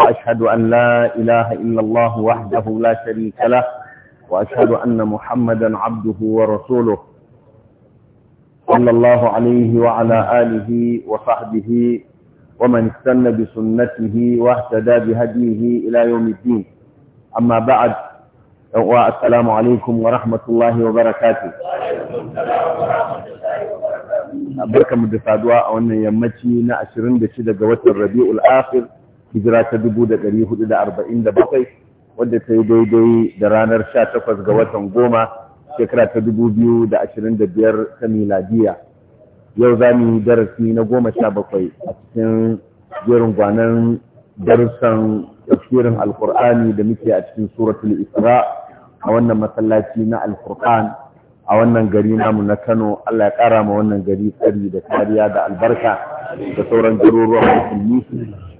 وأشهد أن لا إله إلا الله وحده لا شريك له وأشهد أن محمدا عبده ورسوله صلى الله عليه وعلى آله وصحبه ومن استنى بسنته واهتدى بهديه إلى يوم الدين أما بعد السلام عليكم ورحمة الله وبركاته بركة da saduwa a wannan yammaci na 26 ga hijira ta 1447 wadda ta yi daidai da ranar 18 ga watan goma shekara ta 2025 ta miladiya yau za mu yi darasi na 17 a cikin jerin gwanan darussan tafsirin alkur'ani da muke a cikin suratul isra a wannan masallaci na alkur'an a wannan gari namu na kano allah ya kara ma wannan gari tsari da kariya da albarka da sauran garuruwan musulmi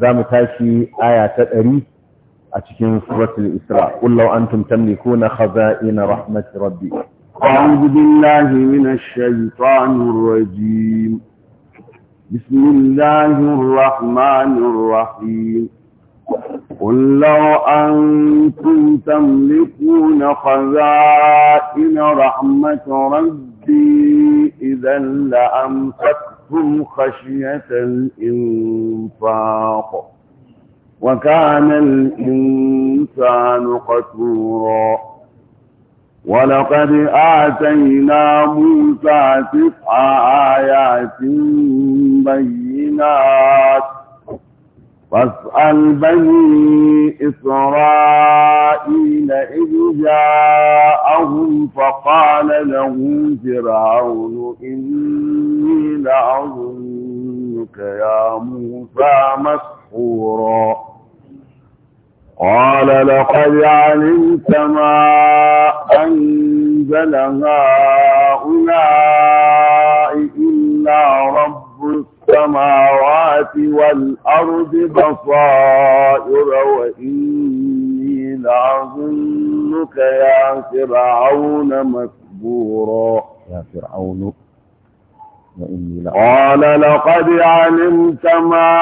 za mu tashi aya ta ɗari a cikin suratul isra kullau antum tamlikuna khaza'ina rahmati rabbi أعوذ بالله من الشيطان الرجيم بسم الله الرحمن الرحيم قل لو أنتم تملكون خزائن رحمة ربي إذا لأمسكتم أخذتم خشية الإنفاق وكان الإنسان قتورا ولقد آتينا موسى تسع آيات بينات فاسأل بني إسرائيل إذ جاءهم فقال له فرعون إن لأظنك يا موسى مسحورا قال لقد علمت ما أنزل هؤلاء إلا رب السماوات والأرض بصائر وإني لأظنك يا فرعون مسحورا يا فرعون قال لقد علمت ما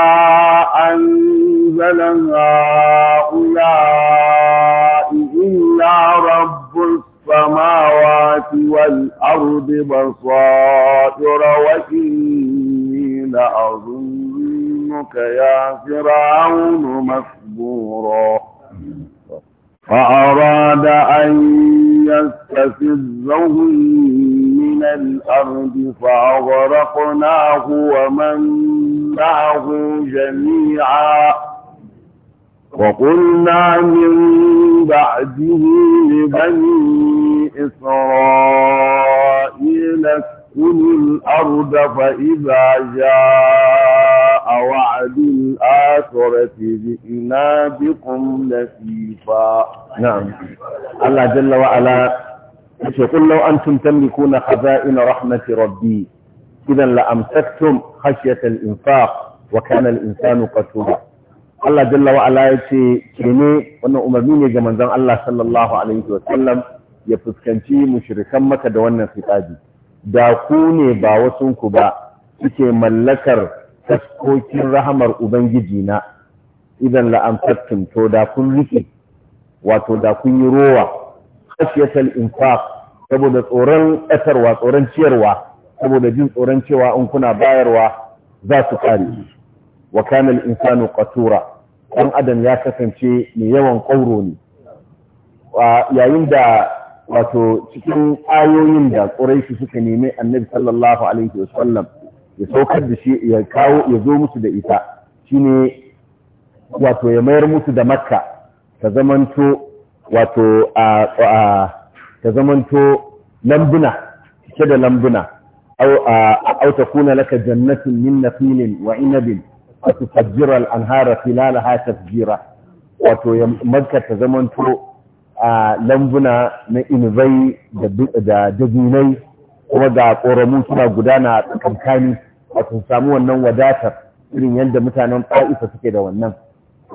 أنزل هؤلاء إلا رب السماوات والأرض بصائر وإني لأظنك يا فرعون مسبورا فأراد أن يستفزهم الأرض فأغرقناه ومن معه جميعا وقلنا من بعده لبني إسرائيل اسكنوا الأرض فإذا جاء وعد الآخرة جئنا بكم لفيفا نعم الله جل وعلا yace qul law kuna haza ina rahmati rabbi idan la amsaktum khashyata al-infaq wa kana al-insanu qatula Allah jalla wa ala yace kene wannan umarni ne ga manzon Allah sallallahu alaihi wa sallam ya fuskanci mushrikan maka da wannan fitabi da ku ne ba wasu ku ba kike mallakar taskokin rahamar ubangiji na idan la amsaktum to da kun rike wato da kun yi rowa khashiyatal infaq saboda tsoron ƙasarwa tsoron ciyarwa saboda jin tsoron cewa in kuna bayarwa za su kare wa kana al-insanu qatura dan adam ya kasance mai yawan ƙauro ne yayin da wato cikin ayoyin da quraishi suka nemi annabi sallallahu alaihi wasallam ya saukar da shi ya kawo ya zo musu da ita shine wato ya mayar musu da makka ta zamanto wato ta zamanto lambuna cike da lambuna au ta kuna laka jannatin min nafilin wa inabin a tufajjira al'anhara filalaha tafjira wato ya makka ta zamanto a lambuna na inubai da dajinai kuma ga ƙoramu suna gudana a tsakankani wato samu wannan wadatar irin yadda mutanen ƙa'isa suke da wannan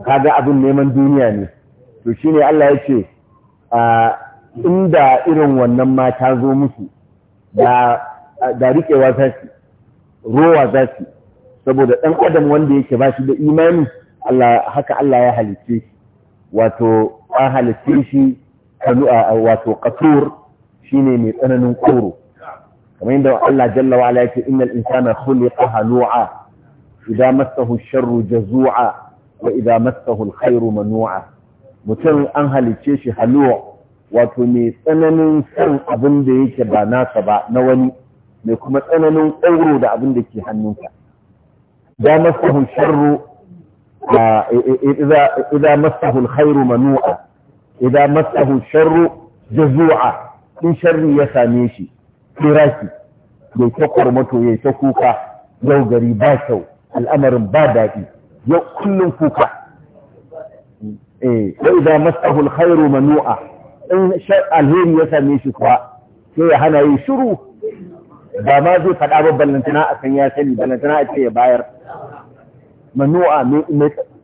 kaga abin neman duniya ne to shine Allah ya ce inda irin wannan mata zo musu da riƙewa za su rowa za su saboda ɗan adam wanda yake ba shi da imani haka Allah ya halice shi wato an halice shi wato ƙasur shi ne mai tsananin koro kamar yadda Allah jalla wa ala yake innal insana khuliqa halu'a idan masahu sharru jazu'a wa idan masahu alkhairu manu'a mutum an halicce shi haluwa wato mai tsananin san abin da yake ba nasa ba na wani mai kuma tsananin ƙauro da abin da ke hannunka da masahu sharru idan masahu alkhairu manu'a idan masahu sharru jazu'a in sharri ya same shi kiraki ya ta kwarmato ya ta kuka yau gari ba kyau al'amarin ba daɗi yau kullum kuka eh sai za masahu alkhairu manu'a in alheri ya same shi kuwa sai ya hana yi shiru ba ma zai faɗa ba ballantana a kan ya sani ballantana a ce ya bayar manu'a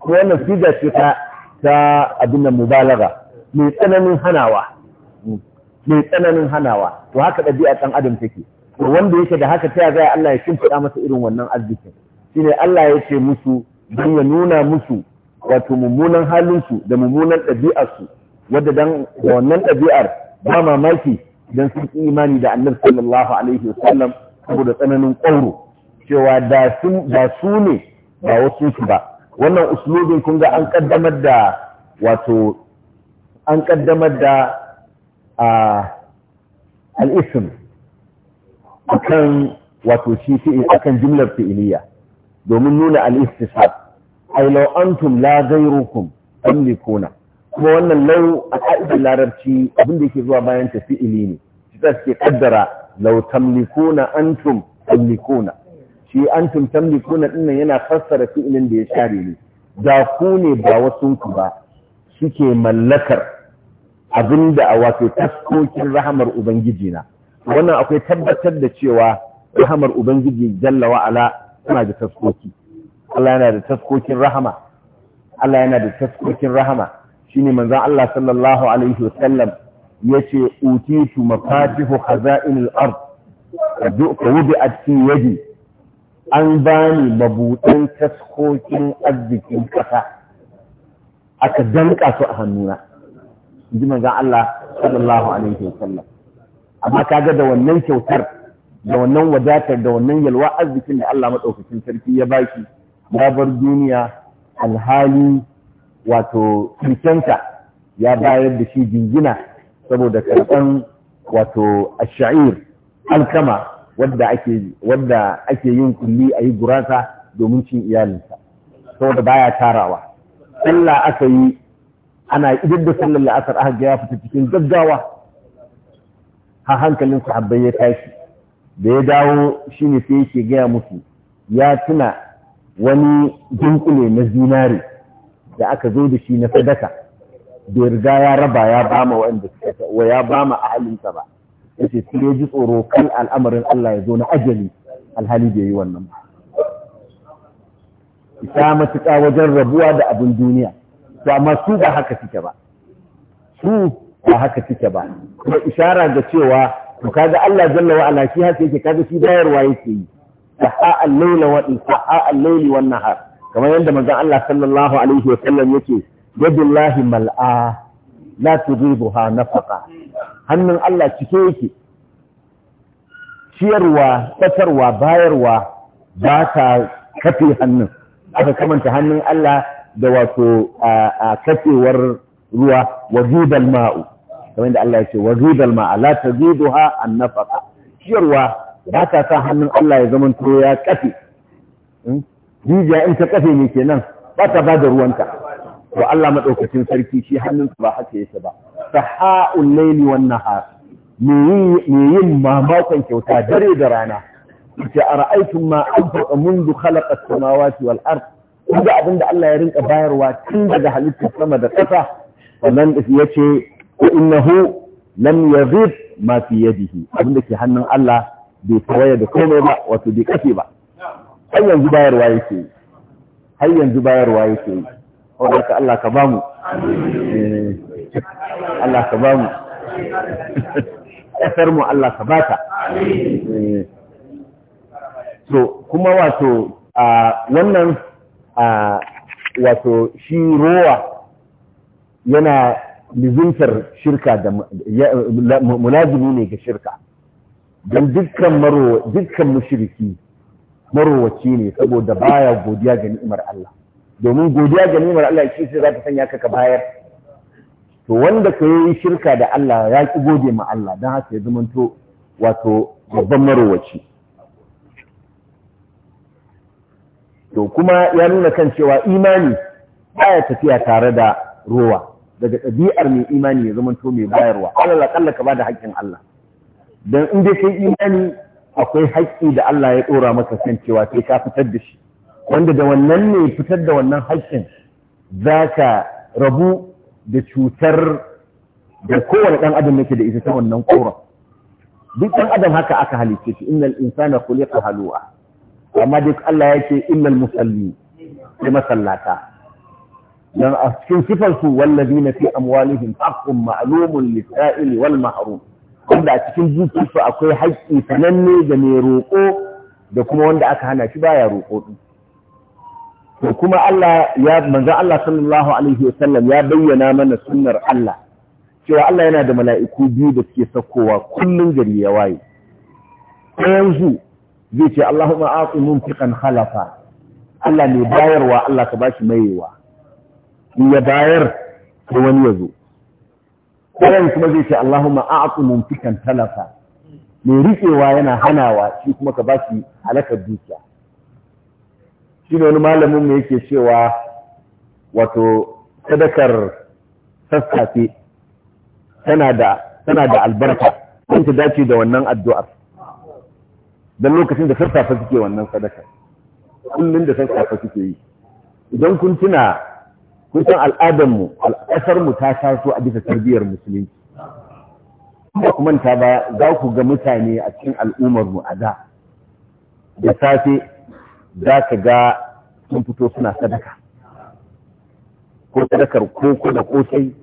wannan su ce ta ta abin da mubalaga mai tsananin hanawa mai tsananin hanawa to haka ɗabi'a ɗan adam take to wanda yake da haka ta zai Allah ya shimfiɗa masa irin wannan arzikin shine Allah ya ce musu don ya nuna musu wato mummunan halinsu da mummunan ɗabi'arsu wadda dan wannan ɗabi'ar ba mamaki idan sun ƙi imani da annabi sallallahu alaihi wasallam saboda tsananin ƙauro cewa da su ne ba wasu su ba wannan uslubin kun ga an kaddamar da wato an kaddamar da a kan wato shi akan jimlar fi'iliya domin nuna al'istisab ai law antum la ghayrukum tamlikuna kuma wannan lau a ka'idar larabci abin da yake zuwa bayan ta fi'ili ne shi ta suke kaddara law tamlikuna antum tamlikuna shi antum tamlikuna din nan yana fassara fi'ilin da ya share ne da ku ne ba wasu ku ba suke mallakar abinda a wato taskokin rahamar ubangiji na wannan akwai tabbatar da cewa rahamar ubangiji jalla wa'ala tana da taskoki Allah yana da taskokin rahama Allah yana da taskokin rahama shine manzon Allah sallallahu alaihi wasallam yace utitu mafatihu khaza'inil ard wa wudi'at fi yadi an bani mabudan taskokin arzikin kasa aka danka su a hannuna inji manzon Allah sallallahu alaihi wasallam amma kaga da wannan kyautar da wannan wadatar da wannan yalwa arzikin da Allah madaukakin sarki ya baki ya bar duniya alhali wato kirkenta ya bayar da shi jingina saboda karɓan wato ash'ir alkama wadda ake yin kulli a yi gurasa domin cin iyalinsa saboda baya tarawa sallah aka yi ana idan da sallar la'asar aka ga ya fita cikin gaggawa har hankalin sahabbai ya tashi da ya dawo shine sai yake gaya musu ya tuna wani dunkule na zinari da aka zo da shi na sadaka bai riga ya raba ya ba ma waɗanda suka wa ya ba ma ahalinsa ba yace sai ji tsoro kan al'amarin Allah ya zo na ajali alhali da yi wannan ba isa matuƙa wajen rabuwa da abin duniya to amma su ba haka suke ba su ba haka suke ba kuma ishara ga cewa to kaga Allah jalla wa ala shi haka yake kaga shi bayarwa yake yi saha'a al-layla wa saha'a al-layli wan nahar kamar yadda manzon Allah sallallahu alaihi wa sallam yake yadullahi mal'a la tudibuha nafaqa hannun Allah cike yake ciyarwa tsatarwa bayarwa ba ta kafe hannun aka kamanta hannun Allah da wato a kafewar ruwa wa ma'u kamar yadda Allah ya ce wa zibal ma'a la tudibuha an nafaqa ciyarwa ba ka sa hannun Allah ya zama to ya kafe hmm? rijiya in ta kafe ne kenan ba ta ba da ruwanta to Allah madaukakin sarki shi hannunsa ba haka yake ba saha'ul layli wan nahar me yin mamakon kyauta dare da rana ce ara'aytum ma anfaqa mundu khalaqa as-samawati wal ard kuma abinda Allah ya rinka bayarwa tun daga halittar sama da ƙasa wannan yace innahu lam yazid ma fi yadihi abinda ke hannun Allah bai tawaya da komai ba wato bai kafe ba har yanzu bayarwa yake yi har yanzu bayarwa yake yi wadanda Allah ka bamu Allah ka bamu ƙasar mu Allah ka bata so kuma wato a wannan a wato shi rowa yana lizuntar shirka da mulazimi ne ga shirka don dukkan marowa dukkan mushriki marowaci ne saboda baya godiya ga ni'imar Allah domin godiya ga ni'imar Allah shi sai za ta sanya ka ka bayar to wanda ka yi shirka da Allah ya ki gode ma Allah don haka ya zamanto wato babban marowaci to kuma ya nuna kan cewa imani baya tafiya tare da rowa daga ɗabi'ar mai imani ya zamanto mai bayarwa Allah ka bada da haƙƙin Allah don in dai kai imani akwai haƙƙi da Allah ya ɗora maka kan cewa ka fitar da shi wanda da wannan ne fitar da wannan haƙƙin za ka rabu da cutar da kowane ɗan adam yake da ita ta wannan ƙoron duk ɗan adam haka aka halitta shi innal insana khuliqa halu'a amma duk Allah yake innal musalli ya masallata dan a cikin sifar su wallazina fi amwalihim haqqun ma'lumun lis-sa'ili wal mahrum wanda a cikin zuciyarsu akwai haƙƙi sananne ga mai roƙo da kuma wanda aka hana shi baya roƙo din to kuma Allah ya manzon Allah sallallahu alaihi wasallam ya bayyana mana sunnar Allah cewa Allah yana da mala'iku biyu da suke sakowa kullum gari ya waye ɗayan zai ce Allahumma aqi mumtiqan halafa. Allah ne bayarwa Allah ka bashi mayewa in ya bayar to wani ya zo koyan kuma zai ce Allahumma a'atu mumfikan talafa mai riƙewa yana hanawa shi kuma ka ba shi halakar dukiya shi ne wani malamin mu yake cewa wato sadakar sassafe tana da tana da albarka sun ta dace da wannan addu'ar don lokacin da sassafe suke wannan sadakar kullum da sassafe suke yi idan kun tuna kun san al'adarmu al'asarmu ta taso a bisa tarbiyyar musulunci kuma kuma ta ba za ku ga mutane a cikin al'ummarmu a da da safe za ka ga sun fito suna sadaka ko sadakar koko da kosai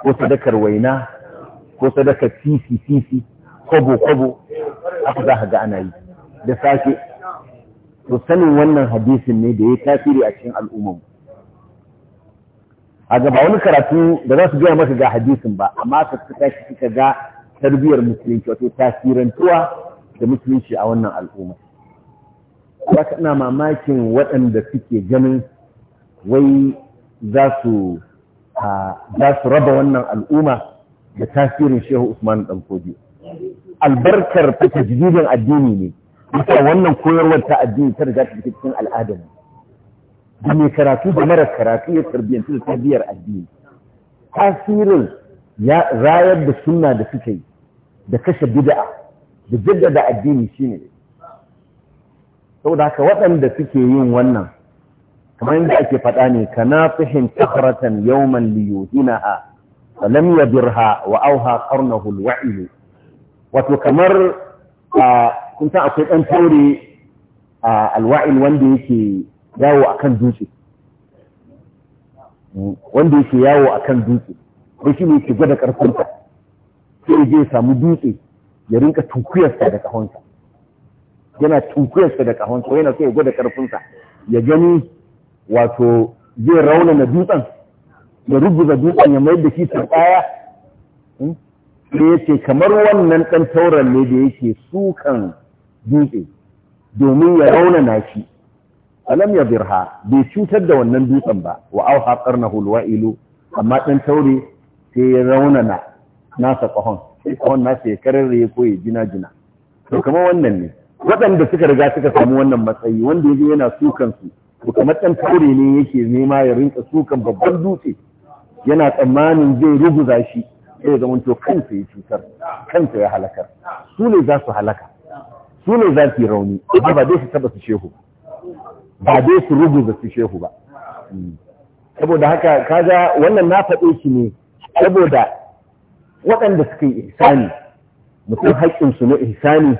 ko sadakar waina ko sadakar sisi sisi kobo-kobo, aka za ka ga ana yi da safe to sanin wannan hadisin ne da ya tasiri a cikin al'ummarmu a gaba wani karatu da za su gaya maka ga hadisin ba amma ka suka shi suka ga tarbiyyar musulunci wato tasirantuwa da musulunci a wannan al'umma ba ka ina mamakin waɗanda suke ganin wai za su raba wannan al'umma da tasirin shehu usman dan kodi albarkar ta jirgin addini ne yasa wannan koyarwar ta addini ta riga ta cikin al'adar da mai karatu da mara karatu ya tarbiyyantu da tarbiyyar addini tasirin ya rayar da sunna da suke yi da kashe bid'a da jaddada addini shine saboda haka waɗanda suke yin wannan kamar yadda ake faɗa ne kana fihin tahratan yawman liyuhinaha falam yabirha wa auha qarnahu alwa'il wato kamar kun san akwai dan taure alwa'il wanda yake yawo a kan dutse hmm. wanda yake yawo a kan dutse ko shi ne ke gwada ƙarfinsa sai je ya samu dutse ya rinka tukuyarsa da ƙahonsa yana tukuyarsa da ƙahonsa yana so ya gwada ƙarfinsa ya gani wato zai raunana dutsen ya rubuta dutsen ya mayar da shi tsaya hmm. sai ya ce kamar wannan ɗan tauran ne da yake sukan dutse domin ya raunana shi alam ya birha bai cutar da wannan dutsen ba wa au haƙar na ilu amma ɗan taure sai ya raunana nasa ƙahon sai ƙahon nasa ya karar ko ya jina jina to kama wannan ne waɗanda suka riga suka samu wannan matsayi wanda ya yana sukan su to kamar ɗan taure ne yake nema ya rinka sukan babban dutse yana tsammanin zai ruguza shi sai zama to kansa ya cutar kansa ya halakar su ne za su halaka su ne za su yi rauni amma ba dai su taba su shehu ba ba dai su rubuta su shehu ba saboda haka kaga wannan na faɗe shi ne saboda waɗanda suka yi ihsani mutum su na ihsani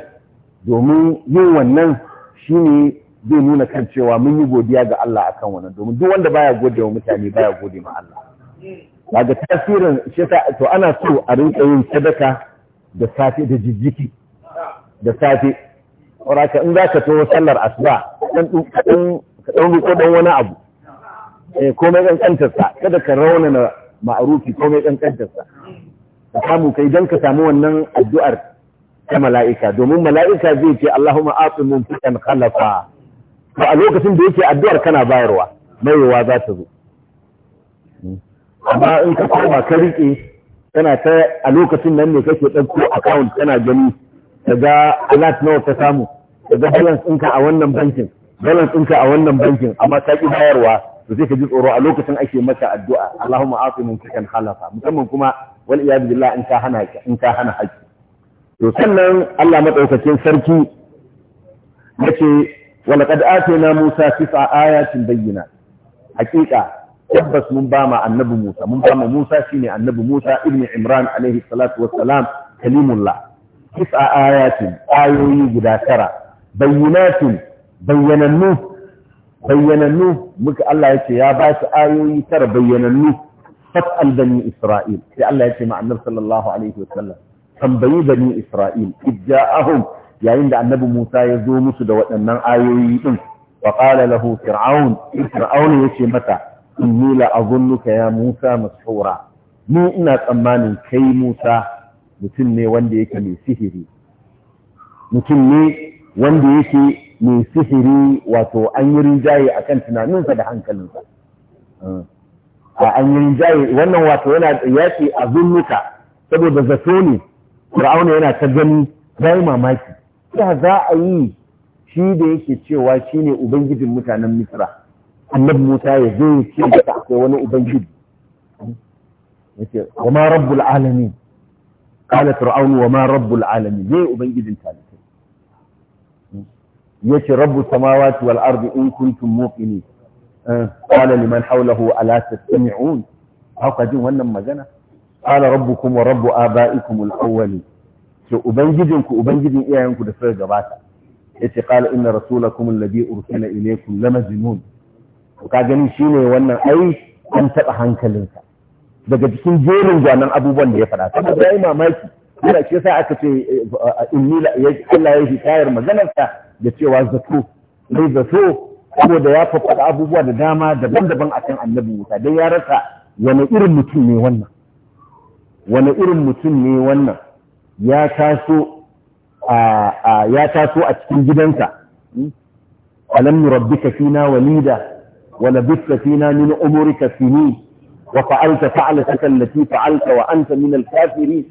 domin yin wannan shi ne zai nuna kan cewa mun yi godiya ga Allah akan wannan domin duk wanda baya gode wa mutane baya gode ma Allah daga tasirin shi to ana so a rinka yin sadaka da safe da jijjiki da safe Raka in za ka to sallar asuba dan dan riko dan wani abu. Eh komai kankantar sa kada ka raunana ma'arufi komai kankantar sa. Ka samu kai dan ka samu wannan addu'ar ta mala'ika domin mala'ika zai ce Allahumma a'ti mumfikan khalafa. To a lokacin da yake addu'ar kana bayarwa maiwa za ta zo. Amma in ka koma ka riƙe tana ta a lokacin nan ne kake ɗauko account kana gani daga alat nawa ka samu daga balance ɗinka a wannan bankin balance ɗinka a wannan bankin amma ta ki bayarwa to sai ka ji tsoro a lokacin ake maka addu'a Allahumma afi min kakan halafa musamman kuma wal iyad billah in ka hana in ka hana haƙi to sannan Allah madaukakin sarki yace wa laqad atina Musa tis'a ayatin bayyinat haqiqa tabbas mun ba ma annabi Musa mun ba ma Musa shine annabi Musa ibn Imran alaihi salatu wassalam kalimullah tis'a ayatin ayoyi guda tara bayyinatin bayyanannu bayyanannu muka Allah yace ya basu ayoyi tara bayyanannu fas'al bani isra'il sai Allah yace ma annabi sallallahu alaihi wasallam tambayi bani isra'il idja'ahum yayin da annabi Musa ya zo musu da waɗannan ayoyi ɗin, wa qala lahu fir'aun fir'aun yace mata inni la azunnuka ya Musa mashura ni ina tsammanin kai Musa mutum ne wanda yake mai sihiri mutum ne wanda yake mai sihiri wato an yi rinjaye a kan tunaninsa da hankalinsa a an yi rinjaye wannan wato yana yaki a zunnuka saboda zato ne fir'auna yana ta gani yi mamaki da za a yi shi da yake cewa shi ne ubangijin mutanen misra annabi musa ya zo ya ce akwai wani ubangiji yace wa rabbul alamin قال فرعون وما رب العالمين ليه أبنجد ثالثا يشي رب السماوات والأرض إن كنتم موقنين قال لمن حوله ألا تستمعون هكذا ونما جنة قال ربكم ورب آبائكم الأولين شو أبنجدنك إياه ينكو دفر جباتا يشي قال إن رسولكم الذي أرسل إليكم لمجنون وكاجنين شيني وانا أي أنتبه هنكلنك daga cikin jerin gwanan abubuwan da ya faɗa ya yayi mamaki yana ce yasa aka ce inni Allah ya hikayar maganarsa da cewa zato mai zato da ya faɗa abubuwa da dama daban-daban akan annabi Musa dan ya rasa wani irin mutum ne wannan wani irin mutum ne wannan ya taso a ya taso a cikin gidansa alam nurabbika fina walida wa labithta fina min umurika sinin وفعلت فعلتك التي فعلت وأنت من الكافرين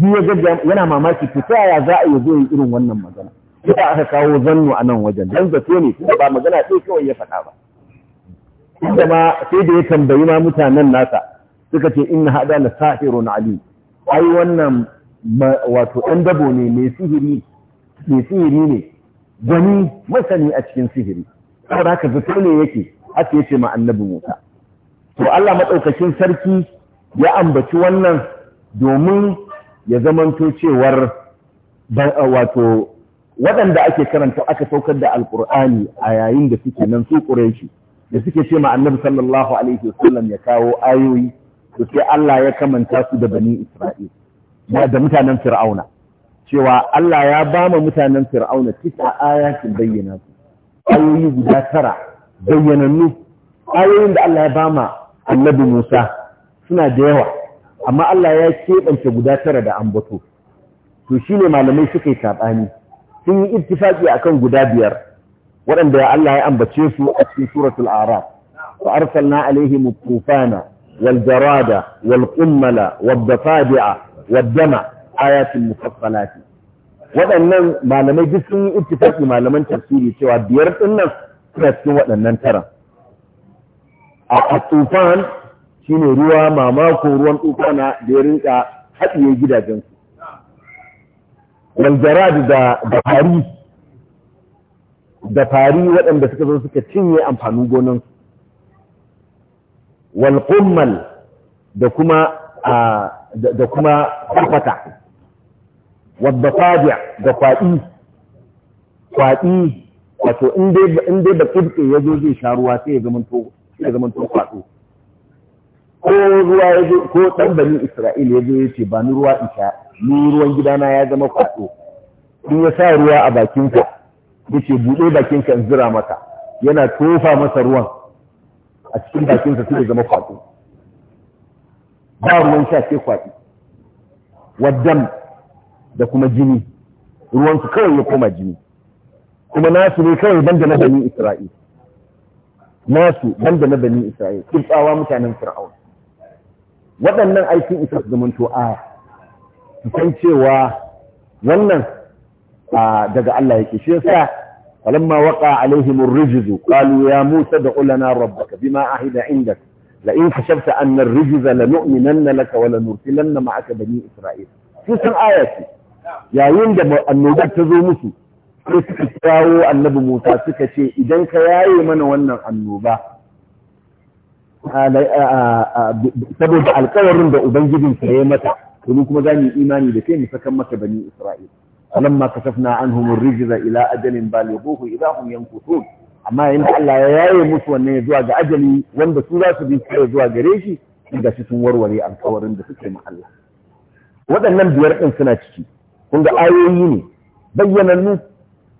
duk ya gaggaya yana mamaki to ta yaya za a iya zo irin wannan magana ita aka kawo zannu a nan wajen dan zato ne kuma ba magana sai kawai ya faɗa ba inda sai da ya tambayi ma mutanen nasa suka ce inna hada la sahirun ali ai wannan wato ɗan dabo ne mai sihiri mai sihiri ne gwani masani a cikin sihiri saboda haka zato ne yake aka ce ma annabi Musa to Allah maɗaukakin sarki ya ambaci wannan domin ya zamanto cewar wato waɗanda ake karanta aka saukar da alƙur'ani a yayin da suke nan su ƙuraishi da suke ce ma annabi sallallahu alaihi wasallam ya kawo ayoyi to sai Allah ya kamanta su da bani Isra'il da mutanen Fir'auna cewa Allah ya ba ma mutanen Fir'auna tisa ayatin bayyana su ayoyi guda tara bayyanannu ayoyin da Allah ya ba ma annabi Musa suna da yawa amma Allah ya keɓance guda tara da ambato to shine malamai suka yi saɓani sun yi a kan guda biyar waɗanda Allah ya ambace su a cikin suratul araf fa arsalna alaihim tufana wal jarada wal qummala wad dafadi'a wad dama ayatin mufassalati waɗannan malamai duk sun yi ittifaqi malaman tafsiri cewa biyar ɗin nan suna cikin waɗannan tara a tufan ne ruwa mamako ruwan tufana da ya rinka haɗiye gidajensu waljarad da fari da fari waɗanda suka zo suka cinye amfanin gonansu walƙummal da kuma da kuma kwafata wadda fadiya da kwaɗi kwaɗi wato inda ba ƙirƙe ya zo zai sha ruwa sai ya zama ya zama to kwaɗo ko ruwa ya zo ko ɗan bani isra'ila ya zo ya ce ba ni ruwa in sha ni ruwan gidana ya zama kwaɗo in ya sa ruwa a bakinka ya ce buɗe bakinka in zira maka yana tofa masa ruwan a cikin bakinsa sai ya zama kwaɗo ba ruwan sha sai kwaɗi waddam da kuma jini ruwansu kawai ya koma jini kuma nasu ne kawai banda na bani israil nasu banda na bani Isra'il kirtsawa mutanen Fir'aun waɗannan aikin isa su zamanto aya su san cewa wannan daga Allah yake shi yasa falamma waqa alaihim ar-rijzu qalu ya Musa da'u lana rabbaka bima ahida indak la in kashafta anna ar-rijza lanu'minanna laka wa lanursilanna ma'aka bani Isra'il sun san aya ce yayin da annobar ta zo musu sai suka kirawo annabi Musa suka ce idan ka yaye mana wannan annoba saboda alkawarin da ubangijin ka ya mata domin kuma za mu yi imani da kai mu sakan maka bani Isra'il ma kasafna anhum ar-rijza ila ajalin balighuhu idha hum yankuthun amma in Allah ya yaye musu wannan zuwa ga ajali wanda su za su bi zuwa gare shi ga shi sun warware alkawarin da suke ma Allah waɗannan biyar ɗin suna ciki kun ga ayoyi ne bayyanannu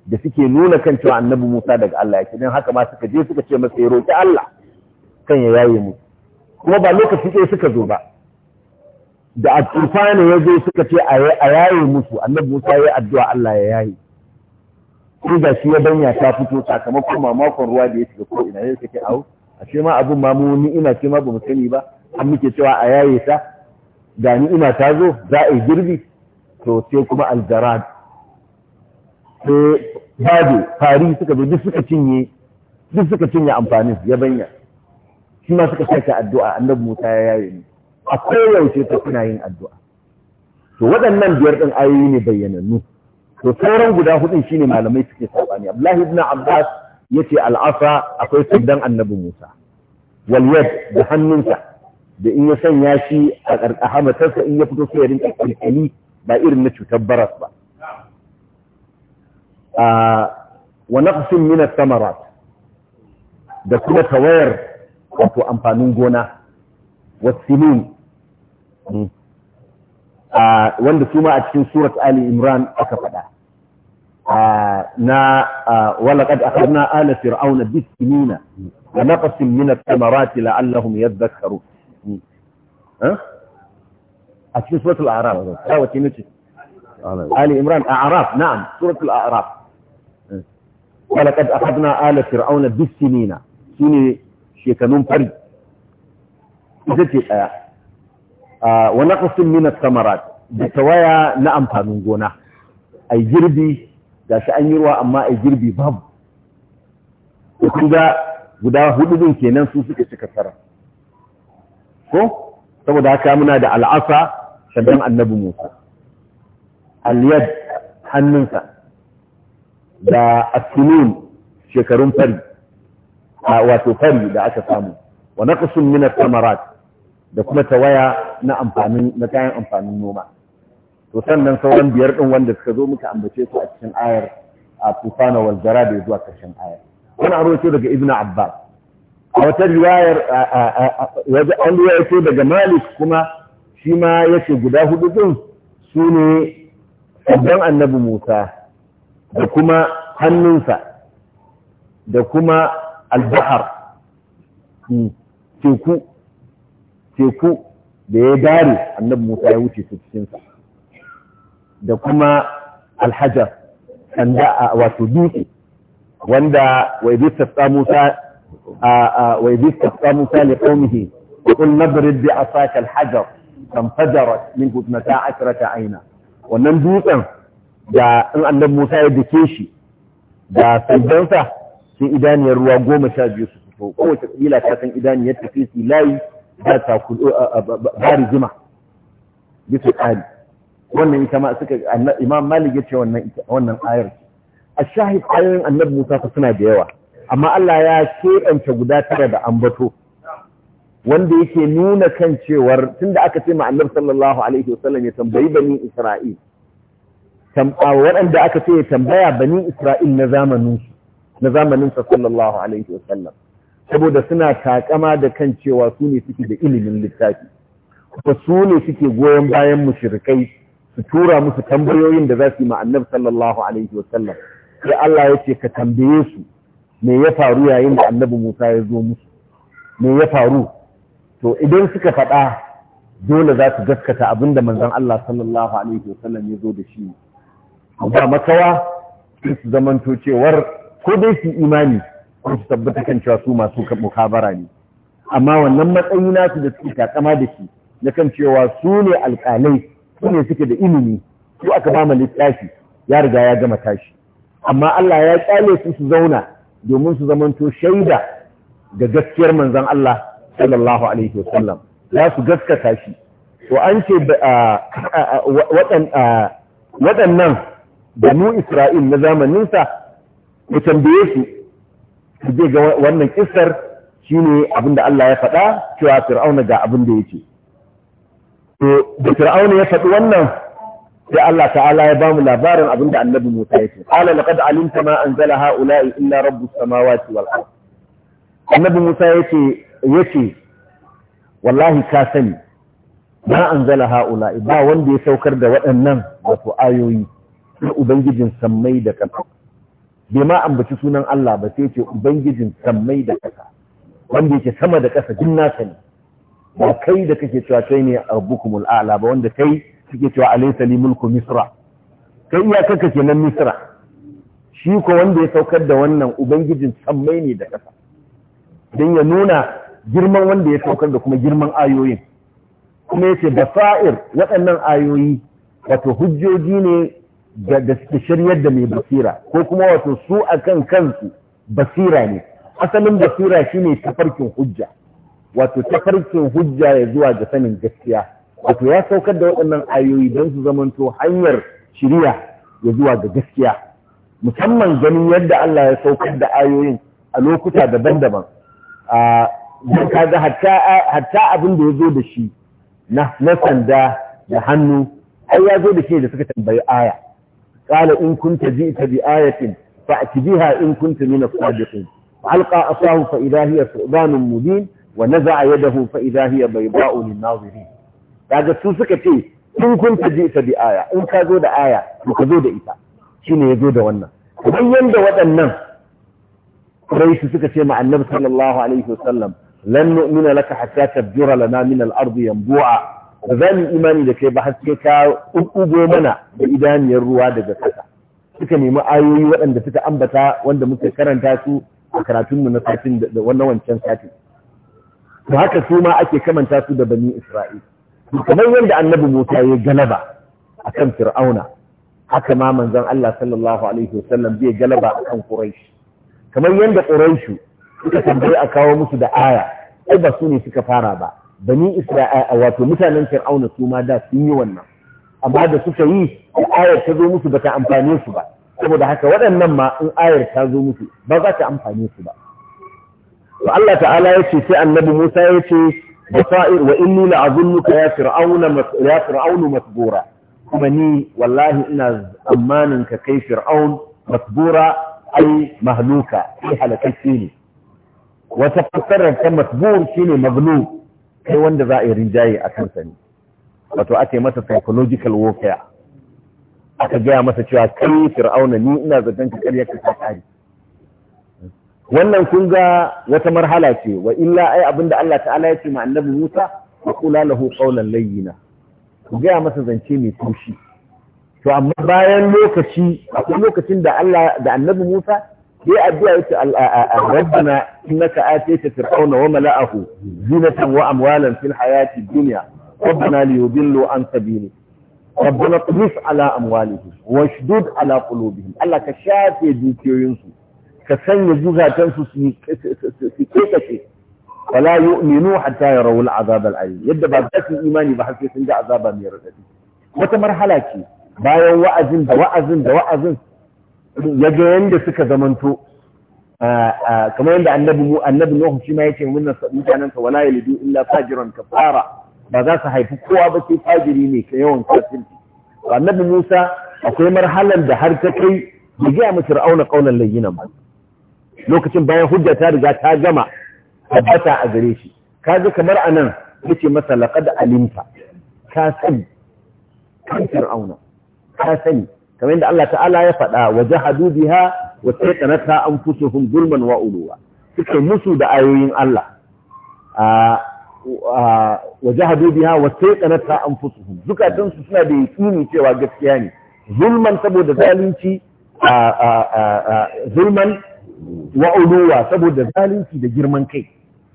da suke nuna kan cewa annabi Musa daga Allah yake don haka ma suka je suka ce masa ya roƙi Allah kan ya yaye mu kuma ba lokaci ɗaya suka zo ba da al-Qur'ani ya zo suka ce a yaye musu annabi Musa ya yi addu'a Allah ya yaye ko da shi ya banya ta fito sakamakon mamakon ruwa da ya shiga ko ina sai ce au a ce ma abun ma ni ina ce ma bamu sani ba an muke cewa a yaye ta da ni ina ta zo za a yi girbi to sai kuma aljarad ko eh, babu fari suka zo duk suka cinye duk suka cinye amfanin ya banya shi ma suka sake addu'a annabi Musa ya yaye ni a koyaushe ta kuna yin addu'a to waɗannan biyar ɗin ayoyi ne bayyanannu to sauran guda hudu shine malamai suke sabani Abdullahi ibn Abbas yace al'asa akwai sandan annabi Musa wal yad da hannunsa da in ya sanya shi a ƙarƙaha matarsa in ya fito sai ya rinka kalkali ba irin na cutar baras ba wa naqsin min ath-thamarat da kuma tawayar wato amfanin gona wasilin wanda kuma a cikin surat ali imran aka faɗa na walaƙad a karna ala fir'auna bisinina da naƙasin min al-tamarati la'allahum yadhakkaru a cikin surat al-araf ta wace ne ce ali imran a araf na'am surat araf walaqad akhadna ala fir'auna bisinina shine shekanun fari ita ce daya wa naqsin min ath da tawaya na amfanin gona ai girbi shi an yi ruwa amma ai girbi babu kun ga guda hudu din kenan su suka cika tara ko saboda haka muna da al'asa shaɗan annabi Musa, al-yad hannunsa, da asinun shekarun fari wato fari da aka samu wa naqsun min minar thamarat da kuma tawaya na amfanin na kayan amfanin noma to sannan sauran biyar din wanda suka zo muka ambace su a cikin ayar a tufana wal zarad zuwa karshen ayar wani an daga ibnu abbas a wata riwayar an ce daga malik kuma shi ma yace guda hudu din su ne sabban annabi musa da kuma hannunsa da kuma albahar hmm, teku teku da ya dare annabi Musa ya wuce su cikinsa da kuma alhajar sanda a wato dutse wanda waidis tafsa Musa waidis tafsa Musa li qaumihi wa qul nadrib bi asaka alhajar tanfajarat minhu 12 ayna wannan dutsen da in annabi Musa ya dake shi da sandansa sai idaniyar ruwa goma sha biyu su fito kowace kabila ta san idaniyar ta fi layi ba ta ba rigima bisa tsari wannan ita ma suka imam malik ya ce wannan wannan ayar a shahid ayoyin annabi Musa fa suna da yawa amma Allah ya keɓance guda tara da ambato wanda yake nuna kan cewar tunda aka ce ma annabi sallallahu alaihi wasallam ya tambayi bani Isra'il waɗanda aka ce tambaya bani Isra'il na zamaninsu, na zamaninsa sallallahu Alaihi wasallam, saboda suna takama da kan cewa su ne suke da ilimin littafi, kuma su ne suke goyon bayan mushirikai su tura musu tambayoyin da za su yi ma'annab sallallahu Alaihi wasallam. Sai Allah ya ce ka tambaye su me ya faru yayin da annabi Musa ya zo musu, me ya faru, to idan suka faɗa dole za su gaskata abin da manzon Allah sallallahu Alaihi wasallam ya zo da shi ne. ba makawa su zamanto cewar ko dai su imani ko su tabbata kan cewa su masu mukabara ne amma wannan matsayi nasu da suke takama da shi na kan cewa su ne alƙalai su ne suke da ilimi su aka ba littafi ya riga ya gama tashi amma Allah ya kyale su su zauna domin su zamanto shaida ga gaskiyar manzon Allah sallallahu alaihi wasallam za su gaskata shi to an ce waɗannan banu Isra'il na zamaninsa ku tambaye su ku je ga wannan shi shine abin da Allah ya faɗa cewa Fir'auna ga abin da yake to da Fir'auna ya faɗi wannan sai Allah ta'ala ya bamu labarin abin da Annabi Musa ya ce qala laqad alimta ma anzala ha'ula'i illa Rabbu samawati wal ard Annabi Musa yace yace wallahi ka sani ma anzala ha'ula'i ba wanda ya saukar da waɗannan wato ayoyi na ubangijin sammai da ƙasa bai ma ambaci sunan Allah ba sai ce ubangijin sammai da ƙasa wanda yake sama da ƙasa jin nasa ne ba kai da kake cewa kai ne a bukumu. a'la ba wanda kai suke cewa alaysa mulku misra kai iya kanka kenan misra shi ko wanda ya saukar da wannan ubangijin sammai ne da ƙasa don ya nuna girman wanda ya saukar da kuma girman ayoyin kuma ya ce da fa'ir waɗannan ayoyi wato hujjoji ne da suke shiryar da mai basira ko kuma wato su a kan kansu basira ne asalin basira shi ne tafarkin hujja wato tafarkin hujja ya zuwa ga sanin gaskiya wato ya saukar da waɗannan ayoyi don su zamanto hanyar shirya ya zuwa ga gaskiya musamman ganin yadda Allah ya saukar da ayoyin a lokuta daban-daban a ga kaga hatta abin da ya zo da shi na sanda da hannu ai ya zo da shi da suka tambayi aya قال إن كنت جئت بآية فأت بها إن كنت من الصادقين فألقى أصاه فإذا هي ثعبان مبين ونزع يده فإذا هي بيضاء للناظرين kaga su suka ce in kun taji ta bi aya in ka zo da aya to ka zo da ita shine ya zo da wannan kamar yanda waɗannan Quraish suka ce ma Annabi sallallahu alaihi laka hatta tabjura lana min al-ardi ba za mu imani da kai ba har sai ka ugo mana da idaniyar ruwa daga ƙasa suka nemi ayoyi waɗanda suka ambata wanda muka karanta su a karatunmu na satin da wannan wancan satin to haka su ma ake kamanta su da bani isra'il kamar yadda annabi musa ya galaba akan fir'auna haka ma manzon Allah sallallahu alaihi wasallam bai galaba akan quraish kamar yadda quraishu suka tambaye a kawo musu da aya ai ba su ne suka fara ba bani isra'a wato mutanen fir'auna su ma da sun yi wannan amma da suka yi ayar ta zo musu bata amfane su ba saboda haka waɗannan ma in ayar ta zo musu ba za ta amfane su ba to Allah ta'ala ya ce sai annabi Musa ya ce basair wa inni la'azunnuka ya fir'auna ya fir'aunu masbura kuma ni wallahi ina tsammanin ka kai fir'aun masbura ai mahluka ai halakacce ne wata fassarar ta masbur shine maglub kai wanda za a yi rinjaye a kansa ne wato ake masa psychological warfare aka gaya masa cewa kai fir'auna ni ina zaton ka karya ka kare wannan kun ga wata marhala ce wa illa ai da Allah ta'ala ya ce ma annabi Musa wa qula lahu qawlan layyina ku gaya masa zance mai tushi. to amma bayan lokaci akwai lokacin da Allah da annabi Musa ya addu'a yace rabbana innaka atayta fir'auna wa mala'ahu zinatan wa amwalan fil hayati ala ربنا ليضلوا ala سبيلك ربنا ka shafe dukiyoyinsu ka sanya قلوبهم الله كشافي دوكيوينسو كسني زغاتنسو سي كيكشي ولا يؤمنوا حتى يروا ba har sai sun ga azaba mai radadi wata marhala ce bayan wa'azin da wa'azin da wa'azin ya ga yanda suka zamanto kamar yadda annabi mu annabi Nuhu shi ma yace mun mutanen sa wala yalidu illa fajiran kafara ba za su haifi kowa ba sai fajiri ne ka yawan kafirci annabi Musa akwai marhalar da har ta kai ya gaya mu fir'auna kaulan layyinan ba lokacin bayan hujja ta riga ta gama tabbata a gare shi kaji kamar anan yace masa laqad alimta ka sani kan fir'auna ka sani kamar yadda Allah ta'ala ya faɗa wa jahadu biha wa taqanata anfusuhum zulman wa uluwa suka musu da ayoyin Allah wa jahadu biha wa taqanata anfusuhum zukatan su suna da yakini cewa gaskiya ne zulman saboda zalunci zulman wa uluwa saboda zalunci da girman kai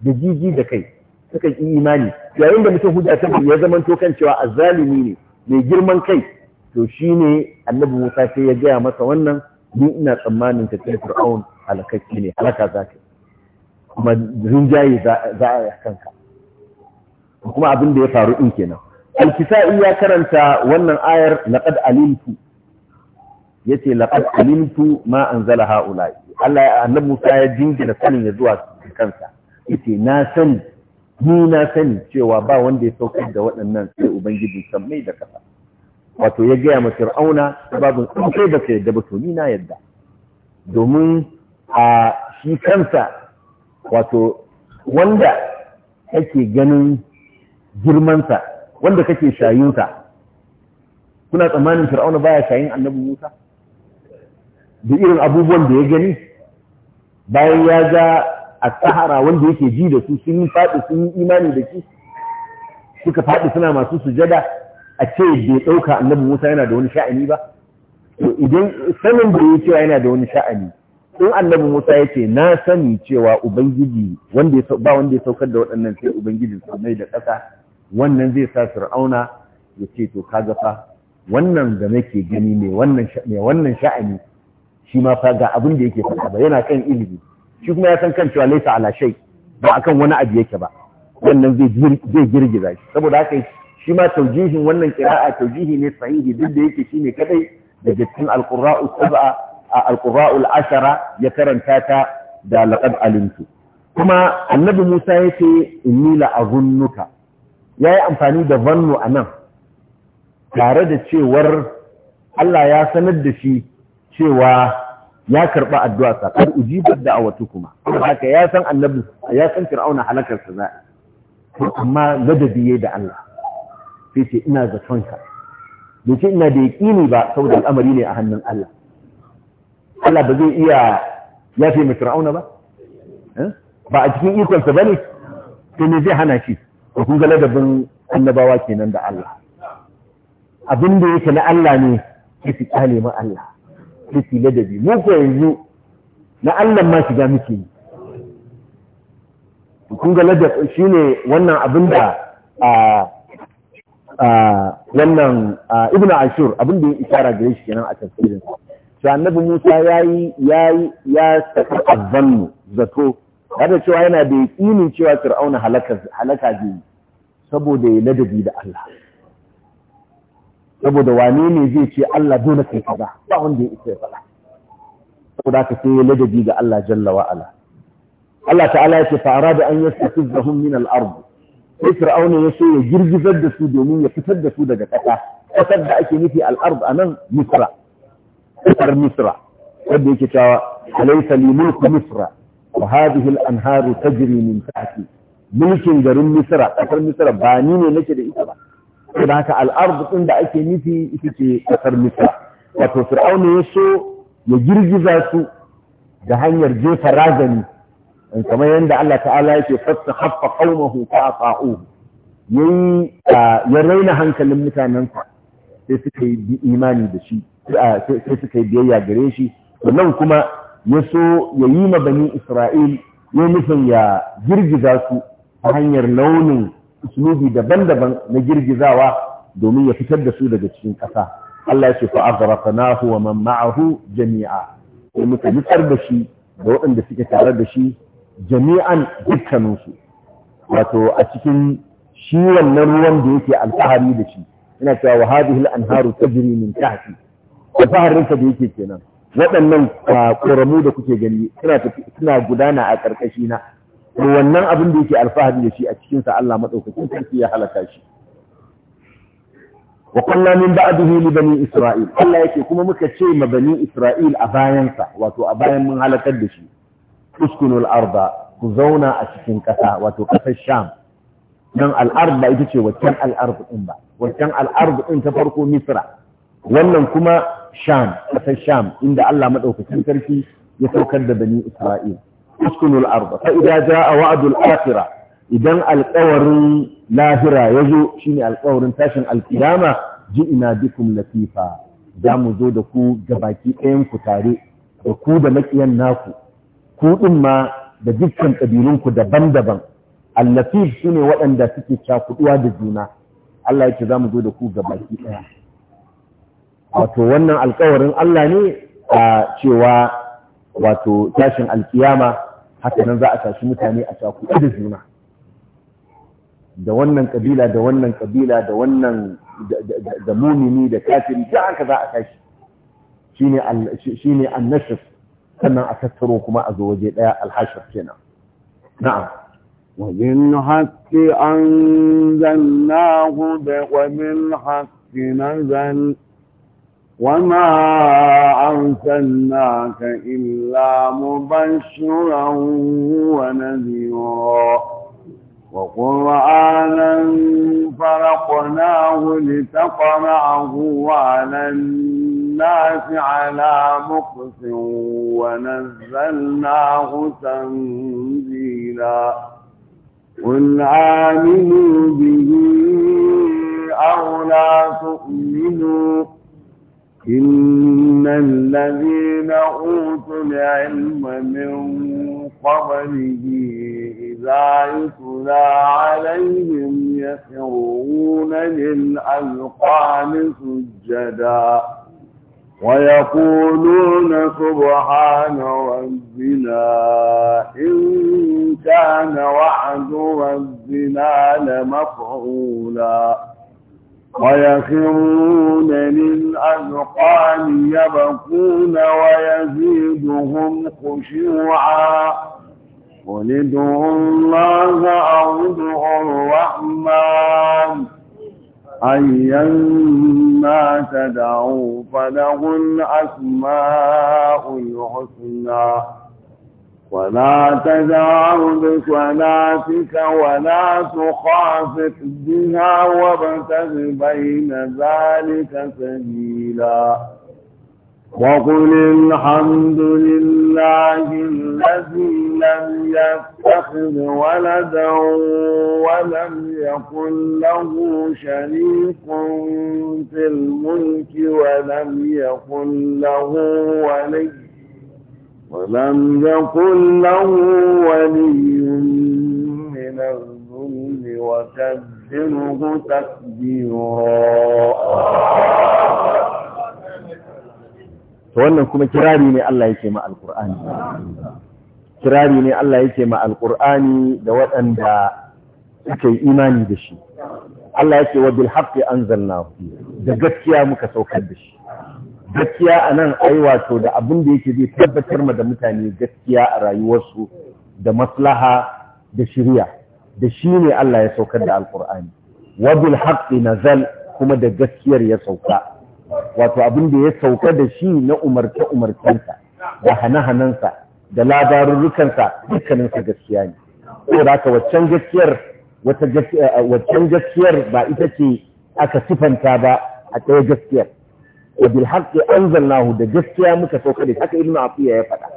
da jiji da kai suka yi imani yayin da mutum hujja ta ya zama to kan cewa azzalimi ne mai girman kai to shi ne annabi Musa sai ya gaya masa wannan ni ina tsammanin ka kai fir'aun halakacce ne halaka za kuma rinjaye za a yi kanka kuma abin da ya faru in kenan alkisa'i ya karanta wannan ayar laqad alimtu yace laqad alimtu ma anzala haula Allah annabi Musa ya jingina sanin ya zuwa kansa yace na sani ni na sani cewa ba wanda ya saukar da waɗannan sai ubangiji san mai da kasa wato ya gaya ma fir'auna sababin in kai ba ka yadda ba na yadda domin a shi kansa wato wanda kake ganin girmansa wanda kake shayinsa kuna tsammanin fir'auna baya shayin annabi musa da irin abubuwan da ya gani bayan ya ga a tsahara wanda yake ji da su sun yi faɗi sun yi imani da shi suka faɗi suna masu sujada a ce bai ɗauka annabi Musa yana da wani sha'ani ba to idan sanin da ya cewa yana da wani sha'ani in annabi Musa ya ce na sani cewa ubangiji wanda ya ba wanda ya saukar da waɗannan sai ubangijin mai da ƙasa wannan zai sa Fir'auna ya ce to ka gafa. wannan da nake gani ne wannan sha'ani shi ma fa ga abin da yake faɗa ba yana kan ilimi shi kuma ya san kan cewa laisa alashai, shay ba akan wani abu yake ba wannan zai zai girgiza shi saboda haka shi ma taujihin wannan kira'a taujihi ne sahihi duk da yake shine kadai daga cikin alqurra'u sab'a a alqurra'u ashara ya karanta ta da laqad alimtu kuma annabi Musa yace inni la azunnuka yayi amfani da a anan tare da cewar Allah ya sanar da shi cewa ya karba addu'a sa kad ujibat da'awatukuma haka ya san annabi ya san fir'auna halakar sa amma ladabi da Allah sai ce ina da ka ce ina da yaƙini ba saboda al'amari ne a hannun Allah Allah ba zai iya yafe mai fir'auna ba eh? ba a cikin ikonsa ba ne sai ne zai hana shi da kun ga ladabin annabawa kenan da Allah abin da yake na Allah ne sai su kyale ma Allah sai ladabi mu ko yanzu na Allah ma shiga muke yi kun ga ladabi shine wannan abin da wannan ibn ashur abin da ya isara gare shi kenan a tafsirin to annabi Musa yayi yayi ya saka azzannu zato da cewa yana da yakinin cewa Fir'auna halaka halaka zai saboda ya ladabi da Allah saboda wane ne zai ce Allah dole kai kaza ba wanda ya isa ya faɗa saboda ka sai ladabi ga Allah jalla wa ala Allah ta'ala ya ce fa arada an yastafizzahum min al-ardh sai fir'auna ya so ya girgizar da su domin ya fitar da su daga ƙasa ƙasar da ake nufi al'ard anan nan misra ƙasar misra wanda yake cewa alaysa li mulku misra wa hadhihi al-anharu tajri min tahti mulkin garin misra ƙasar misra ba ni ne nake da ita ba saboda haka al'ard din da ake nufi ita ce ƙasar misra wato fir'auna ya so ya girgiza su da hanyar jefa razani in kamar yadda Allah ta'ala yake fasta haffa qaumahu fa a yayi ya raina hankalin mutanensa sai suka yi imani da shi sai suka yi biyayya gare shi sannan kuma ya so ya yi ma bani Isra'il ya nufin ya girgiza su ta hanyar launin uslubi daban-daban na girgizawa domin ya fitar da su daga cikin ƙasa Allah ya ce fa azraqnahu wa man ma'ahu jami'a sai muka nutsar da shi da waɗanda suke tare da shi jami'an dukkaninsu wato a cikin shi wannan ruwan da yake alfahari da shi ina cewa wa hadhihi al-anharu tajri min tahti alfaharin da yake kenan waɗannan ah, ƙoramu da kuke gani suna gudana a ƙarƙashi na wannan abin da yake alfahari da shi a cikinsa Allah maɗaukakin sarki ya halaka shi wa ba'a min ba'dihi li bani isra'il Allah yake kuma muka ce ma bani isra'il a bayansa wato a bayan mun halakar da shi uskunul arba ku zauna a cikin ƙasa wato ƙasar sham don al'ard ba ita ce waccan al'ar ɗin ba waccan al'ard ɗin ta farko misra wannan kuma sham ƙasar sham inda Allah maɗaukacin sarki ya saukar da bani isra'il uskunul arba, fa ja a wa'dul akhirah idan alƙawarin lahira ya zo shine alƙawarin tashin alƙiyama ji'ina bikum latifa za mu zo da ku gabaki ɗayan ku tare da ku da maƙiyan naku ku ma da dukkan ƙabilunku daban-daban allafif shi ne waɗanda suke cakuɗuwa da juna Allah yake za mu zo da ku ga baki ɗaya wato wannan alkawarin Allah ne a cewa wato tashin alkiyama haka nan za a tashi mutane a cakuɗu da juna da wannan ƙabila, da wannan ƙabila, da wannan da mumini da kafiri da haka za a tashi shine shine annashif sannan a tattaro kuma a zo waje نعم ومن حق na'am وبالحق أنزلناه وبالحق نزل وما أرسلناك إلا مبشرا ونذيرا وقرآنا فرقناه لتقرأه على الناس للناس على مقص ونزلناه تنزيلا قل آمنوا به أو لا تؤمنوا إن الذين أوتوا العلم من قبله إذا يتلى عليهم يخرون للألقان سجداً ويقولون سبحان ربنا إن كان وعد ربنا لمفعولا ويخرون للأذقان يبكون ويزيدهم خشوعا قل ادعوا الله أو ادعوا الرحمن أيا ما تدعوا فله الأسماء الحسنى ولا تجعل بصلاتك ولا تخافت بها وابتغ بين ذلك سبيلا وقل الحمد لله الذي لم يتخذ ولدا ولم يكن له شريك في الملك ولم يكن له ولي ولم يكن له ولي من الذل وكبره تكبيرا to wannan kuma kirari ne Allah yake ma alqur'ani kirari ne Allah yake ma alqur'ani da waɗanda suke imani da shi Allah yake wa bil haqqi anzalnahu da gaskiya muka saukar da shi gaskiya anan ai wato da abin da yake zai tabbatar ma da mutane gaskiya a rayuwarsu da maslaha da shiriya da shi ne Allah ya saukar da alkur'ani wa bil haqqi nazal kuma da gaskiyar ya sauka wato abin da ya sauka da shi na umarce-umarcensa da hane-hanensa da labarurrukansa dukkaninsa gaskiya ne saboda waccan gaskiyar waccan gaskiyar ba ita ce aka sifanta ba a ɗaya gaskiyar wa bil haqqi anzalnahu da gaskiya muka sauka da haka ibnu afiya ya faɗa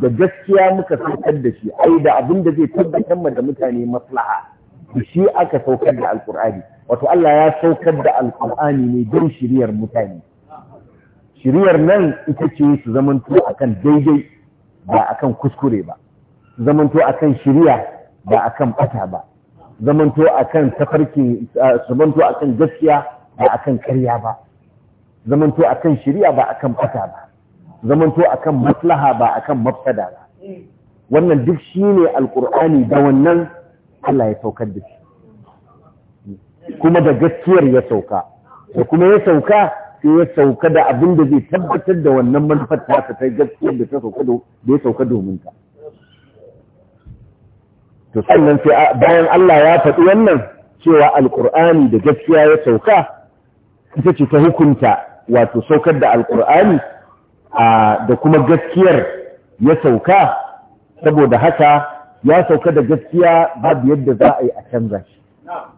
da gaskiya muka saukar da shi ai da abin da zai tabbatar da mutane maslaha shi aka saukar da alqur'ani wato Allah ya saukar da alƙur'ani ne don shiriyar mutane shiriyar nan ita ce su zamanto akan daidai ba akan kuskure ba su zamanto akan shiriya ba akan bata ba zamanto akan tafarki zamanto akan gaskiya ba akan karya ba zamanto akan shiriya ba akan bata ba zamanto akan maslaha ba akan mafsada ba mm. wannan duk shine alƙur'ani da wannan Allah ya saukar da shi kuma da gaskiyar ya sauka da kuma ya sauka sai ya sauka da abin da zai tabbatar da wannan manufar ta ta gaskiyar da ta sauka da ya sauka domin ta to sannan sai bayan Allah ya faɗi wannan cewa alkur'ani da gaskiya ya sauka ita ce ta hukunta wato saukar da alkur'ani da kuma gaskiyar ya sauka saboda haka ya sauka da gaskiya babu yadda za a yi a canza shi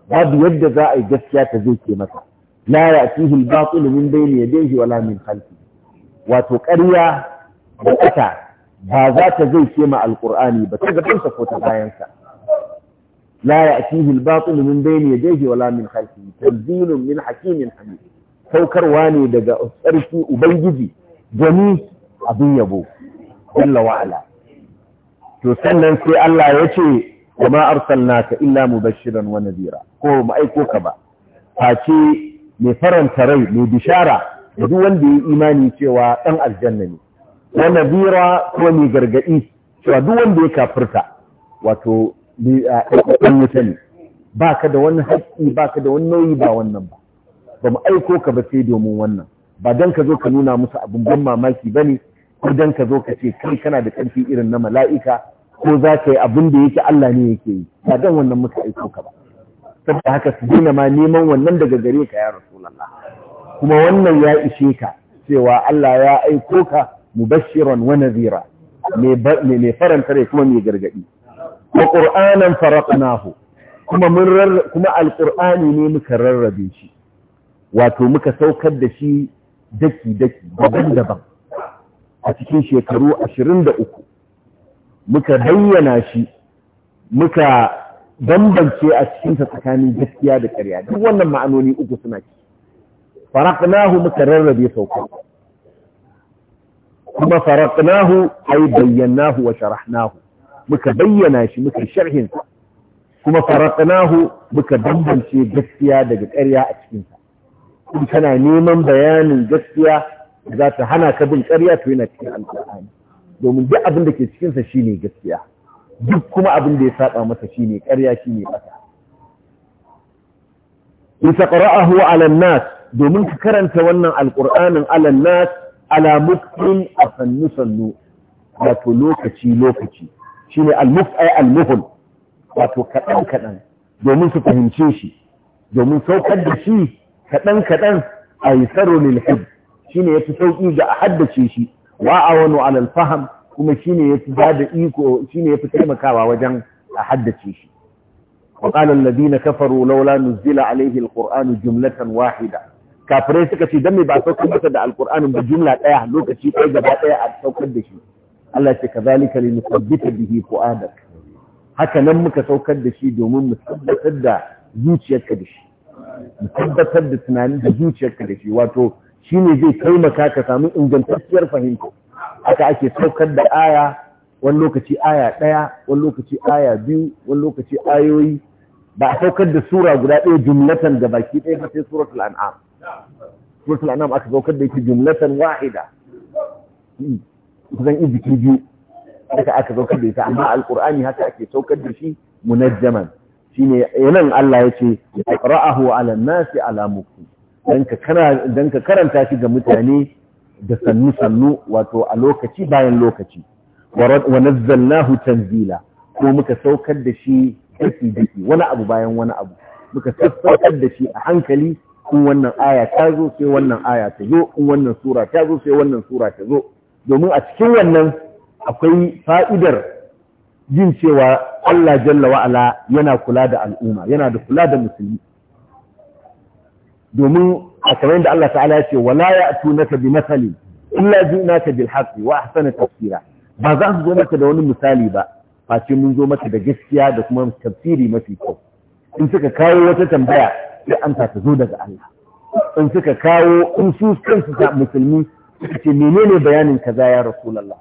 babu yadda za a yi gaskiya ta zai ke masa la min bayni yadayhi wala min khalfi wato ƙarya da ƙasa ba za ta zai ke ma alqur'ani ba ta gaban sa ko ta bayan sa la ya'tihi al-batil min bayni yadayhi wala min khalfi tanzilun min hakimin hamid saukarwa ne daga sarki ubangiji gani abin yabo jalla wa'ala to sannan sai Allah ya ce wa ma arsalnaka illa mubashiran wa nadhira ko mu aiko ka ba face mai faranta rai mai bishara da duk wanda ya imani cewa dan aljanna ne wa nadhira ko mai gargadi cewa duk wanda ya kafirta wato ni ɗan wuta ne baka da wani haƙƙi baka da wani nauyi ba wannan ba ba mu aiko ka ba sai domin wannan ba dan ka zo ka nuna musu abin ban mamaki bane ko dan ka zo ka ce kai kana da ƙarfi irin na mala'ika ko za ka yi abin da yake Allah ne yake yi ba dan wannan muka aiko ka ba saboda haka su dina ma neman wannan daga gare ka ya rasulullah kuma wannan ya ishe ka cewa Allah ya aiko ka mubashiran wa nadhira Me faranta rai kuma me gargadi wa qur'anan faraqnahu kuma mun kuma alqur'ani ne muka rarrabe shi wato muka saukar da shi daki daki daban-daban a cikin shekaru da uku. muka bayyana shi muka bambance a cikinsa tsakanin gaskiya da ƙarya duk wannan ma'anoni uku suna ci faraqnahu muka rarrabe sauka kuma faraqnahu ay bayyanahu wa sharahnahu muka bayyana shi muka sharhinsa. kuma faraqnahu muka bambance gaskiya daga ƙarya a cikinsa Kuma kana neman bayanin gaskiya za ta hana ka bin ƙarya to yana cikin alƙur'ani domin duk abin da ke cikinsa shi ne gaskiya duk kuma abin da ya saƙa masa shi ne ƙarya shi ne ɓata In ƙara'ahu alan Alannas domin ka karanta wannan alƙur'anin Alannas, nas a sannu sannu wato lokaci lokaci shi ne almufai almuhun wato kaɗan kaɗan domin su fahimce shi domin saukar da shi kaɗan kaɗan a yi tsaro lilhib shi ne ya fi sauƙi ga a haddace shi wa awanu alal faham kuma shine ya da iko shine ya fi taimakawa wajen a haddace shi wa qala alladhina kafaru laula nuzila alayhi alqur'anu jumlatan wahida kafirai suka ce dan me ba saukar masa da alqur'anin ba jumla daya lokaci ɗaya gaba daya a saukar da shi Allah ce kazalika linusabbita bihi fuadak haka nan muka saukar da shi domin mu tabbatar da zuciyarka da shi mu tabbatar da tunanin da zuciyarka da shi wato shi ne zai taimaka ka samu ingantacciyar fahimta aka ake saukar da aya wani lokaci aya ɗaya wani lokaci aya biyu wani lokaci ayoyi ba a saukar da sura guda ɗaya jumlatan da baki ɗaya ba sai suratul an'am suratul an'am aka saukar da yake jumlatan wahida kusan iziki biyu haka aka saukar da ita amma alqur'ani haka ake saukar da shi munajjaman shine yanan Allah yace ra'ahu 'ala an-nasi 'ala mukmin don ka karanta shi ga mutane da sannu-sannu wato a lokaci bayan lokaci wa nazzalnahu tanzila ko muka saukar da shi daki daki wani abu bayan wani abu muka saukar da shi a hankali in wannan aya ta zo sai wannan aya ta zo in wannan sura ta zo sai wannan sura ta zo domin a cikin wannan akwai fa'idar jin cewa Allah jalla wa'ala yana kula da al'umma yana da kula da musulmi domin a kamar da Allah ta'ala ya ce wala naka bi masalin illa ji'naka bil haqqi wa ahsana tafsira ba za su zo maka da wani misali ba face mun zo maka da gaskiya da kuma tafsiri mafi kyau in suka kawo wata tambaya sai amsa ta zo daga Allah in suka kawo in su kansu musulmi suka ce menene bayanin kaza ya rasulullah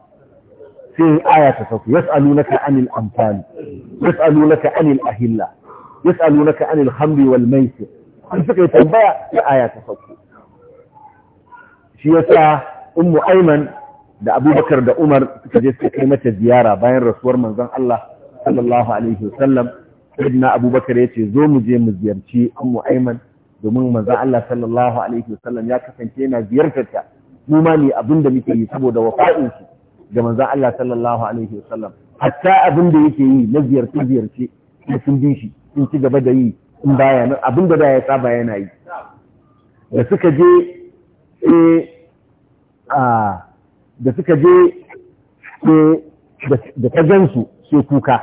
sai aya ta sauka yas'alunaka anil anfal yas'alunaka anil ahilla yas'alunaka anil khamri wal maisir in suka yi tambaya ya aya ta sauko shi yasa ummu aiman da abubakar da umar suka je suka kai mata ziyara bayan rasuwar manzon Allah sallallahu alaihi wasallam sayyidina abubakar ya ce zo mu je mu ziyarci ummu aiman domin manzon Allah sallallahu alaihi wasallam ya kasance yana ziyartar ta mu ma ne abin da muke yi saboda wafa'in shi ga manzon Allah sallallahu alaihi wasallam hatta abin da yake yi na ziyarce ziyarce sun bi shi sun ci gaba da yi in baya nan abin da ya saba yana yi da suka je da suka je da ta gansu sai kuka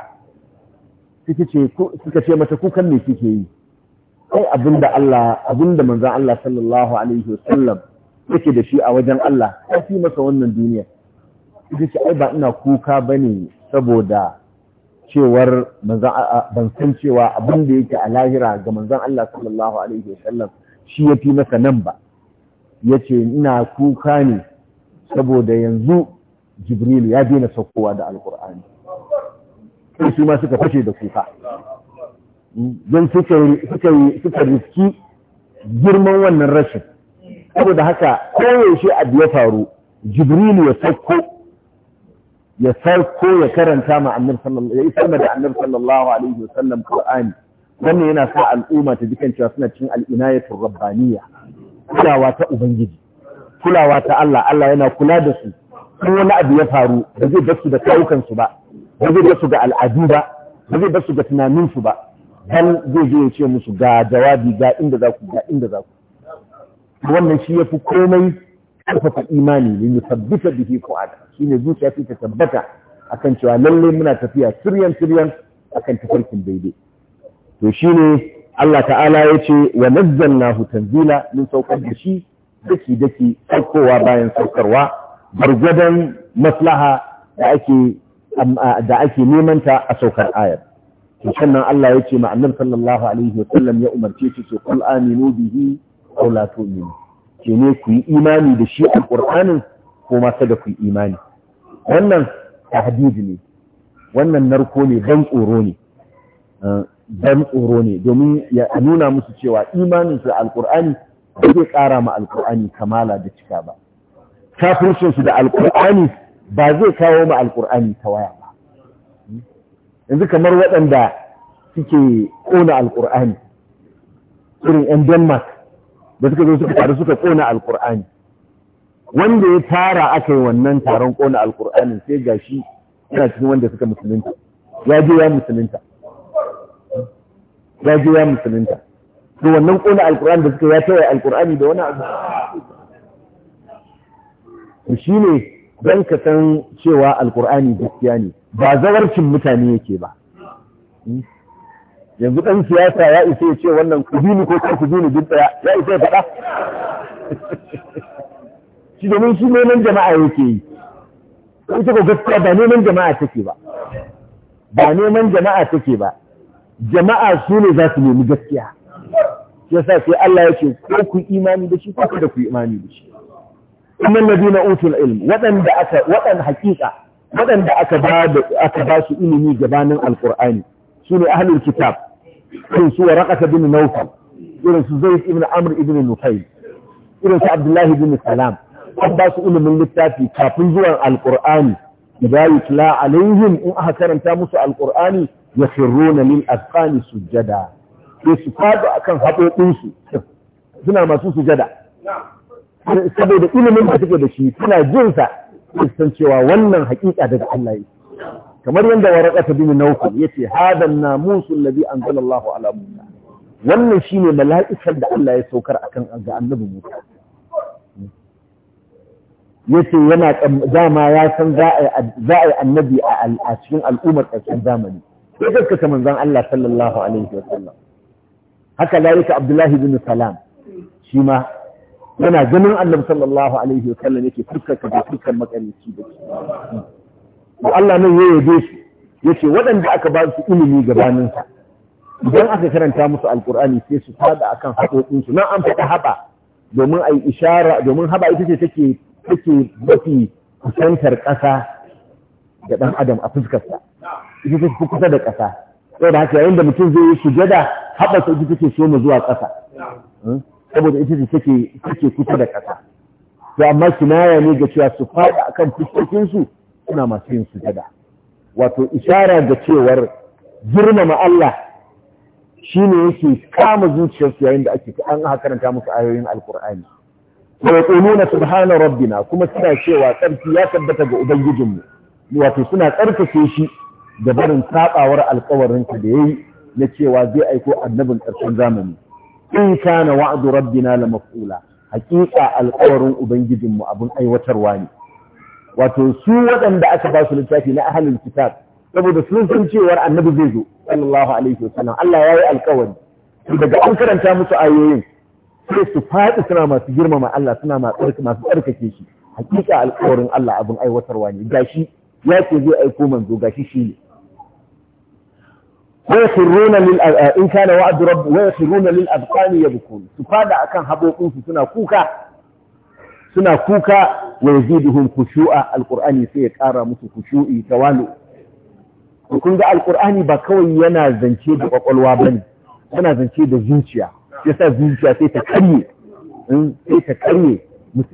suka ce mata kukan ne suke yi ai abin da Allah abin da manzan Allah sallallahu alaihi wasallam yake da shi a wajen Allah ya fi masa wannan duniya Suka ce ai ba ina kuka bane saboda cewar ban san cewa abin da yake a lahira ga manzan Allah sallallahu alaihi wasallam shi ya fi masa nan ba ya ce ina kuka ne saboda yanzu Jibril ya daina saukowa da alkur'ani kai su ma suka fashe da kuka don suka riski girman wannan rashin saboda haka koyaushe abu ya faru jibrilu ya sauko ya farko ya karanta ma annabi sallallahu ya isar da annabi sallallahu alaihi wasallam qur'ani wannan yana sa al'umma ta dukan cewa suna cikin al'inayatul rabbaniyya kulawa ta ubangiji kulawa ta Allah Allah yana kula da su in wani abu ya faru ba zai dasu su da kayukan su ba ba zai dasu ga al'adu ba ba zai dasu ga tunanin su ba dan zai je ya ce musu ga jawabi ga inda za ku ga inda za ku wannan shi yafi komai karfafa imani lin yusabbita bihi fu'ada shine zuciya ta tabbata akan cewa lallai muna tafiya siryan siryan akan tafarkin daidai to shine Allah ta'ala ya ce wa nazzalnahu tanzila mun saukar da shi daki daki saukowa bayan saukarwa gargwadon maslaha da ake da ake neman ta a saukar ayar to sannan Allah ya ce ma annabi sallallahu alaihi wa sallam ya umarce shi ce kul aminu bihi aw la tu'minu ce ne ku yi imani da shi alƙur'anin ko ma da ku yi imani wannan tahdidi ne wannan narko ne ban tsoro ne ah, ban tsoro ne domin ya nuna musu cewa imanin su alƙur'ani ba zai ƙara ma alƙur'ani kamala da cika ba kafircin su da alƙur'ani ba zai kawo ma alƙur'ani tawaya ba yanzu kamar waɗanda suke ƙona alƙur'ani irin 'yan denmark da suka zo suka taru suka kona alkur'ani wanda ya tara aka yi wannan taron kona alkur'ani sai gashi yana cikin wanda suka musulunta ya je ya musulunta ya je ya musulunta to wannan kona alkur'ani da suka ya tawaye alkur'ani da wani abu to shine dan ka san cewa alkur'ani gaskiya ne ba zawarcin mutane yake ba hmm? yanzu ɗan siyasa ya isa ya ce wannan ku bi ni ko kan ku bi ni duk ɗaya ya isa ya faɗa shi domin shi neman jama'a yake yi ita ko gaskiya ba neman jama'a take ba ba neman jama'a take ba jama'a su ne za su nemi gaskiya yasa sai Allah ya ce ko ku imani da shi ko kada ku imani da shi kuma na utul ilm wadanda aka wadan hakika wadanda aka ba aka ba su ilimi gabanin alqur'ani sune ahlul kitab irin su waraqata bin nawfal irin su zaid ibn amr ibn nufayl irin su abdullahi bin salam an ba su ilimin littafi kafin zuwan alqur'ani idan yutla alaihim in aka karanta musu alqur'ani yakhruna lil azqani sujada sai su fado akan haɓoɓinsu suna masu sujada saboda ilimin da suke da shi suna jinsa san cewa wannan haƙiƙa daga Allah yake kamar yadda waraqatu bin nawfal yace hadan namusul ladhi anzalallahu ala musa wannan shine mala'ikar da Allah ya saukar akan ga annabi musa yace yana dama ya san za a yi annabi a cikin al'ummar ƙarshen zamani ya gaskata manzon Allah sallallahu alaihi wa sallam haka lalika abdullahi bin salam shi ma yana ganin annabi sallallahu alaihi wa sallam yake fuskar ka da fuskar makarici da shi ba Allah nan ya yabe su ce, waɗanda aka ba su ilimi gabanin sa idan aka karanta musu Alƙur'ani, sai su fada a kan su nan an faɗa haɓa, domin yi ishara domin haɓa ita ce take take mafi kusantar ƙasa da ɗan adam a fuskarsa ita ce kusa da ƙasa sai da haka yayin da mutum zai yi sujada haɓa ta ita take so mu zuwa ƙasa hmm? saboda ita ce take take kusa da ƙasa to amma kinaya ne ga cewa su faɗa akan kan su suna masu yin sujada wato ishara da cewar girmama Allah shi ne yake kama zuciyarsu yayin da ake an aka karanta musu ayoyin alkur'ani wa yaquluna subhana rabbina kuma suna cewa tsarki ya tabbata ga ubangijinmu wato suna tsarkake shi da barin sabawar alkawarin ka da yayi na cewa zai aiko annabin ƙarshen zamani in kana wa'du rabbina la maf'ula haƙiƙa alkawarin ubangijinmu abin aiwatarwa ne wato su waɗanda aka ba su littafi na ahlul kitab saboda sun san cewar annabi zai zo sallallahu alaihi wasallam Allah ya yi alƙawari daga an karanta musu ayoyin sai su faɗi suna masu girmama Allah suna masu tsarkake shi hakika alƙawarin Allah abin aiwatarwa ne gashi ya ce zai aiko manzo gashi shi ne wa yakhruna lil in kana wa'd rabb wa yakhruna lil adqani yabkun su fada akan habobin su suna kuka suna kuka wa yaziduhum kushu'a alqur'ani sai ya ƙara musu ta tawalu kun ga alqur'ani ba kawai yana zance da kwakwalwa ne. yana zance da zuciya yasa zuciya sai ta karye hmm, sai ta karye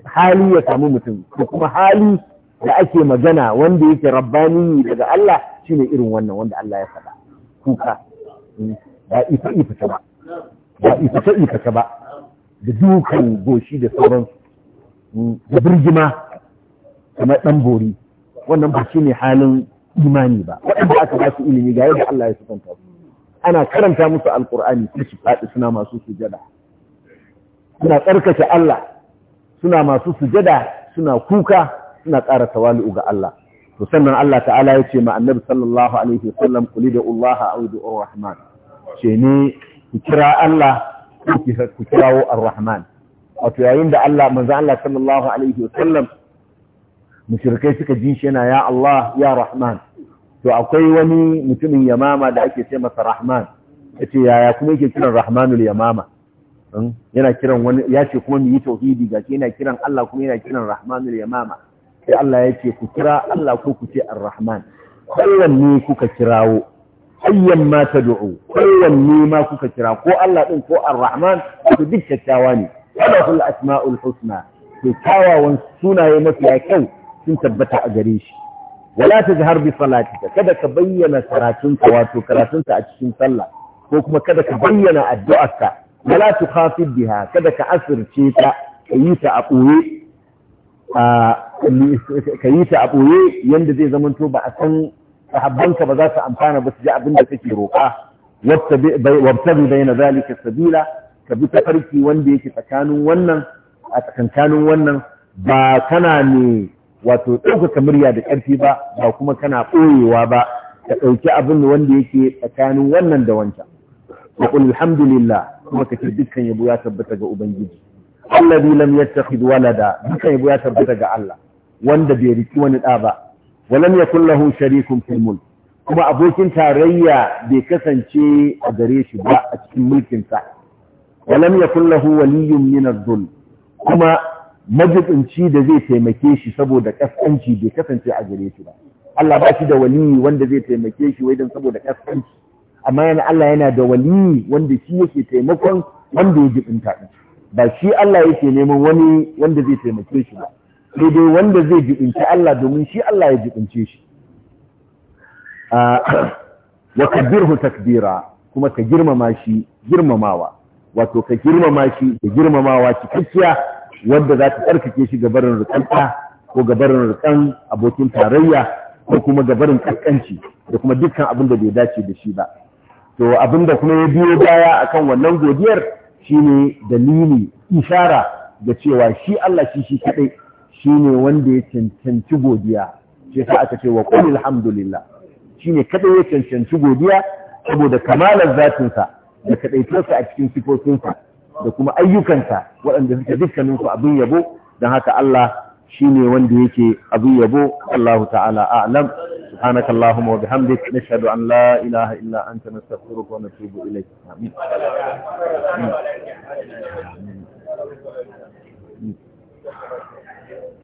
hali ya samu mutum ko kuma hali da ake magana wanda yake rabbani daga Allah shine irin wannan wanda Allah ya faɗa kuka hmm, ba ifa ifa ba ba ifa ifa ba da dukan goshi da sauransu da birgima kamar ɗan bori wannan ba shi ne halin imani ba waɗanda aka ba su ilimi ga yadda Allah ya sukanta su ana karanta musu alkur'ani sai su faɗi suna masu sujada suna tsarkake Allah suna masu sujada suna kuka suna ƙara tawali'u ga Allah to sannan Allah ta'ala ya ce ma annabi sallallahu alaihi sallam kuli da Allah audu ar-rahman ce ne ku kira Allah ku kirawo ar-rahman wato yayin da Allah manzan Allah sallallahu alaihi wasallam mushrikai suka ji shi yana ya Allah ya Rahman to akwai wani mutumin yamama da ake ce masa Rahman yace yaya kuma yake kiran Rahmanul yamama hmm? yana kiran wani ya ce kuma mu yi tauhidi gashi yana kiran Allah kuma yana kiran Rahmanul yamama sai Allah yace ku kira Allah ko ku ce Ar-Rahman kowanne kuka kirawo ayyan ma tad'u kowanne ma kuka kira ko Allah din ko Ar-Rahman duk kyakkyawa ne walahul asma'ul husna to sunaye mafiya kyau sun tabbata a gare shi wala tajhar bi salatika kada ka bayyana karatunka wato karatunka a cikin sallah ko kuma kada ka bayyana addu'arka wala tukhafid biha kada ka asirce ta kayi ta a boye kayi ta a boye yanda zai zamanto ba a san sahabbanka ba za su amfana ba su ji abin da kake roƙa wabtabi bayna zalika sabila ka bi tafarki wanda yake tsakanin wannan a tsakankanin wannan ba kana ne wato ɗaukaka murya da ƙarfi ba ba kuma kana ɓoyewa ba ka ɗauki abin wanda yake tsakanin wannan da wancan wa qul alhamdulillah kuma kace dukkan yabo ya tabbata ga ubangiji alladhi lam yattakhid walada dukkan yabo ya tabbata ga Allah wanda bai riki wani da ba walam yakul lahu sharikun fil mulk kuma abokin tarayya bai kasance a gare shi ba a cikin mulkin sa walam yakun lahu waliyyun min adh-dhul kuma majibinci da zai taimake shi saboda kaskanci bai kasance a gare shi ba Allah ba shi da waliyi wanda zai taimake shi wai dan saboda kaskanci amma yana Allah yana da wali wanda shi yake taimakon wanda ya jibinta ba shi Allah yake neman wani wanda zai taimake shi ba sai dai wanda zai jibinta Allah domin shi Allah ya jibince shi ah, wa kabbirhu takbira kuma ka girmama shi girmamawa wato ka girmama shi da girmamawa cikakkiya wanda za ta tsarkake shi ga barin rikanta ko barin rikan abokin tarayya ko kuma gabarin kaskanci da kuma dukkan abin da bai dace da shi ba to abin da kuma ya biyo baya kan wannan godiyar shine dalili ishara da cewa shi Allah shi shi kadai shine wanda ya cancanci godiya sai sa aka ce wa qul alhamdulillah shine kadai ya cancanci godiya saboda kamalar zatinsa da kaɗaitarsa a cikin sifofinsa da kuma ayyukansa waɗanda suke dukkaninsu abin yabo don haka Allah shi ne wanda yake abin yabo Allah ta'ala a'lam subhanaka Allahumma wa bihamdik nashhadu an la ilaha illa anta nastaghfiruka wa natubu